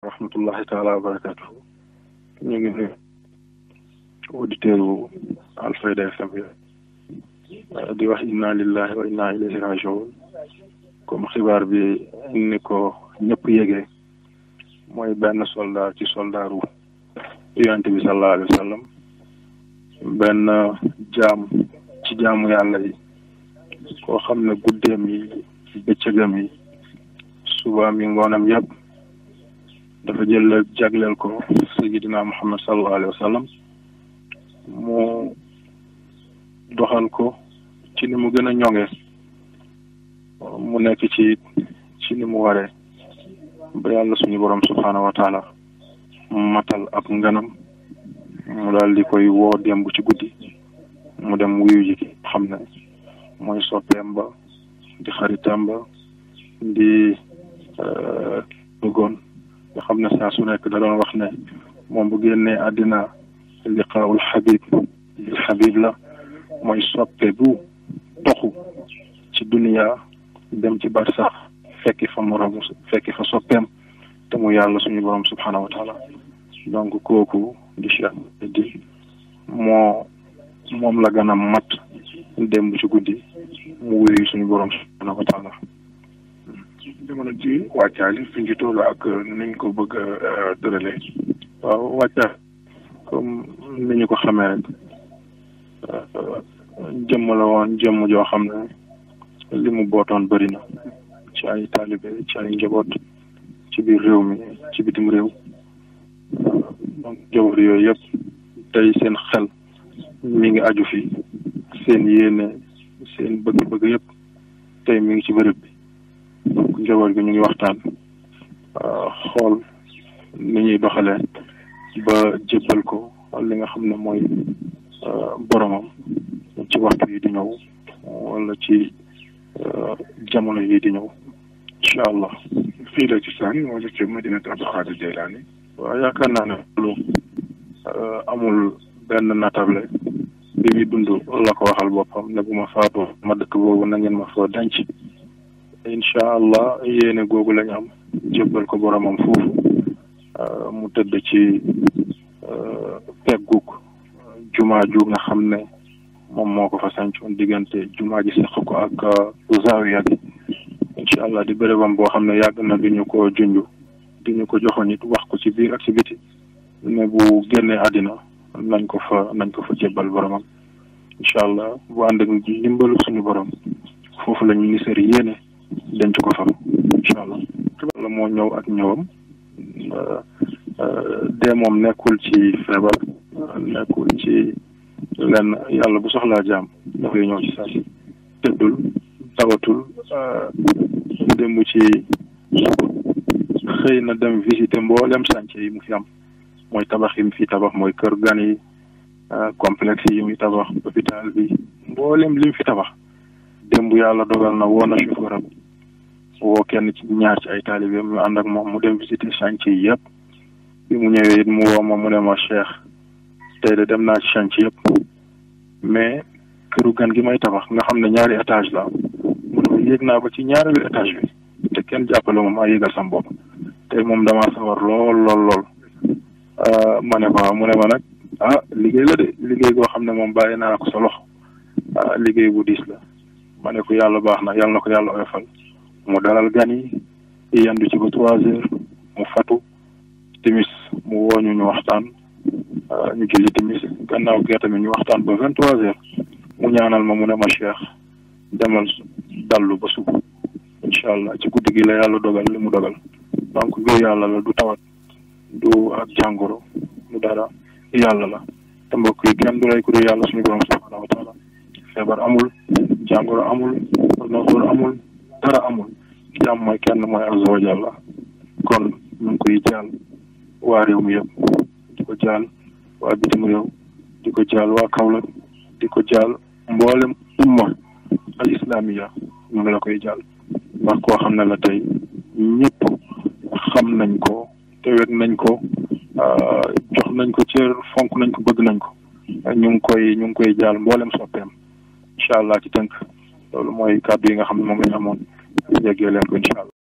rahmatullahi taala wa barakatu ñu ngi nuyu auditeur wu Alfayda FM euh, di wax a lillahi wa inna ilayhi rajiun comme xibaar bi ni ko ñëpp yége mooy benn soldat ci soldaaru yonent bi sallallahu alayhi benn jaam ci jaamu yàlla yi koo xam ne guddeem yi bëccëgam yi subaam yi ngoonam yëpp dafa jël jagleel ko sayyidina muhammad sallallahu alayhi wa sallam mu doxal ko ci ni mu gën a ñoŋee mu nekk ci ci ni mu waree ba yàlla suñu borom subhaanahu wa taala matal ab nganam mu daal di koy woo démb ci guddi mu dem wuyu ji xam ne mooy soppeem ba di xaritam ba di euh, bëggoon nga xam ne saa su nekk da wax ne moom bu génnee àddina liqaawul xabib la mooy soppe bu doxu ci duniya dem ci barsax fekki fa moromu fekki fa soppeem te mu yàlla suñu borom subhanahu wa donc kooku di Cheikh moo moom la gën a mat démb ci guddi mu wuyu suñu borom subhanahu wa wàccaali fi ñu toll ak niñ ko bëgg a tëralee euh, waaw wàccaal comme ni ñu ko xamee rek euh, jëmm la woon jëmm joo xam ne li bootoon bëri na ci ay taalibe ci biir réew mi ci bitim réew donc yooyu yépp tey seen xel mi ngi aju fi seen yéene seen bëgg-bëgg yëpp tey mi ngi ci bërëb bi njaboot gi ñu ngi waxtaan euh, xool ni ñuy doxalee ba jébbal ko li nga xam ne mooy euh, boromam ci waxtu yi di ñëw wala ci euh, jamono yi di ñëw incha allah fii la ci saan wala ci madinat Abdul Xaadir Jaylaani waaw yaakaar naa ne loolu amul benn natable bi muy dund la ko waxal boppam ne bu ma faatoo ma dëkk boobu na ngeen ma foo denc incha allah yéene googu lañ am jébbal ko boromam foofu euh, mu tëdd ci euh, pegguk jumaa ju nga xam ne moom moo ko fa sancoon diggante jumaa ji seq ko ak euh, zawiya gi incha allah di bérébam boo xam ne yàgg na du ñu ko junj di ko joxoon it wax ko ci biir ak ci biti ne bu génnee àddina nañ ko fa nañ ko fa jébbal boromam incha allah bu ànd ak suñu borom foofu la ñu nisari yéene denc ko fam incha allah la moo ñëw ak ñëwam euh, euh, dee nekkul ci feebar nekkul ci lenn yàlla bu soxlaa jaam dafay ñëw ci saasi tëddul tawatul euh, démb ci xëy na dem visiter mboolem chantier yi mu fi am mooy tabax yi fi tabax mooy kër gan yi complexe yi muy tabax hôpital bi mboolem lim fi tabax démb yàlla dogal na woo na chauffeur am woo kenn ci ñaar ci ay taalibeem ñu ànd ak moom mu dem visiter chantier yi yëpp bi mu ñëwee it mu woo ma mu ne ma Cheikh tey de dem naa ci chantier yëpp mais këru gan gi may tabax nga xam ne ñaari étage la mu ne naa ba ci ñaareelu étage bi te kenn jàppale ma maa yéegal sam bopp tey moom damaa sawar lool lool lool euh, ma ne ko mu ne ma nag ah liggéey la de liggéey goo xam ne moom bàyyi naa ko solo loxo ah, liggéey bu diis la ma ne ko yàlla baax na yàlla na ko yàlla oyofal mu dalal gan yi yandu ci ba trois heures mu fatu timis mu wooñu ñu waxtaan euh, ñu julli timis gannaaw gee tamit ñu waxtaan ba vingt trois heures mu ñaanal ma mu ne ma cheikh demal dallu ba suba incha allah ci guddi gi la yàlla dogal li mu dogal donc ngir yàlla la du tawat du ak jàngoro du dara yàlla la te mbokk yi du lay ku yàlla suñu borom feebar amul jàngoro amul noosor amul dara amul jàmm mooy kenn mooy azza wa jalla kon ñu koy jaal waa réew mi yëpp di ko jaal wa bitim réew di ko jaal waa Kaolack di jaal mboolem umma al islamiya ñu la koy jaal ndax koo xam ne la tey ñëpp xam nañ ko tewet nañ ko ah, jox nañ ko cër fonk nañ ko bëgg nañ ko ñu koy ñu ngi koy jaal mboolem soppeem incha allah ci tënk loolu mooy kàddu yi nga xam ne moom la ñu amoon jéggee leen ko incha allah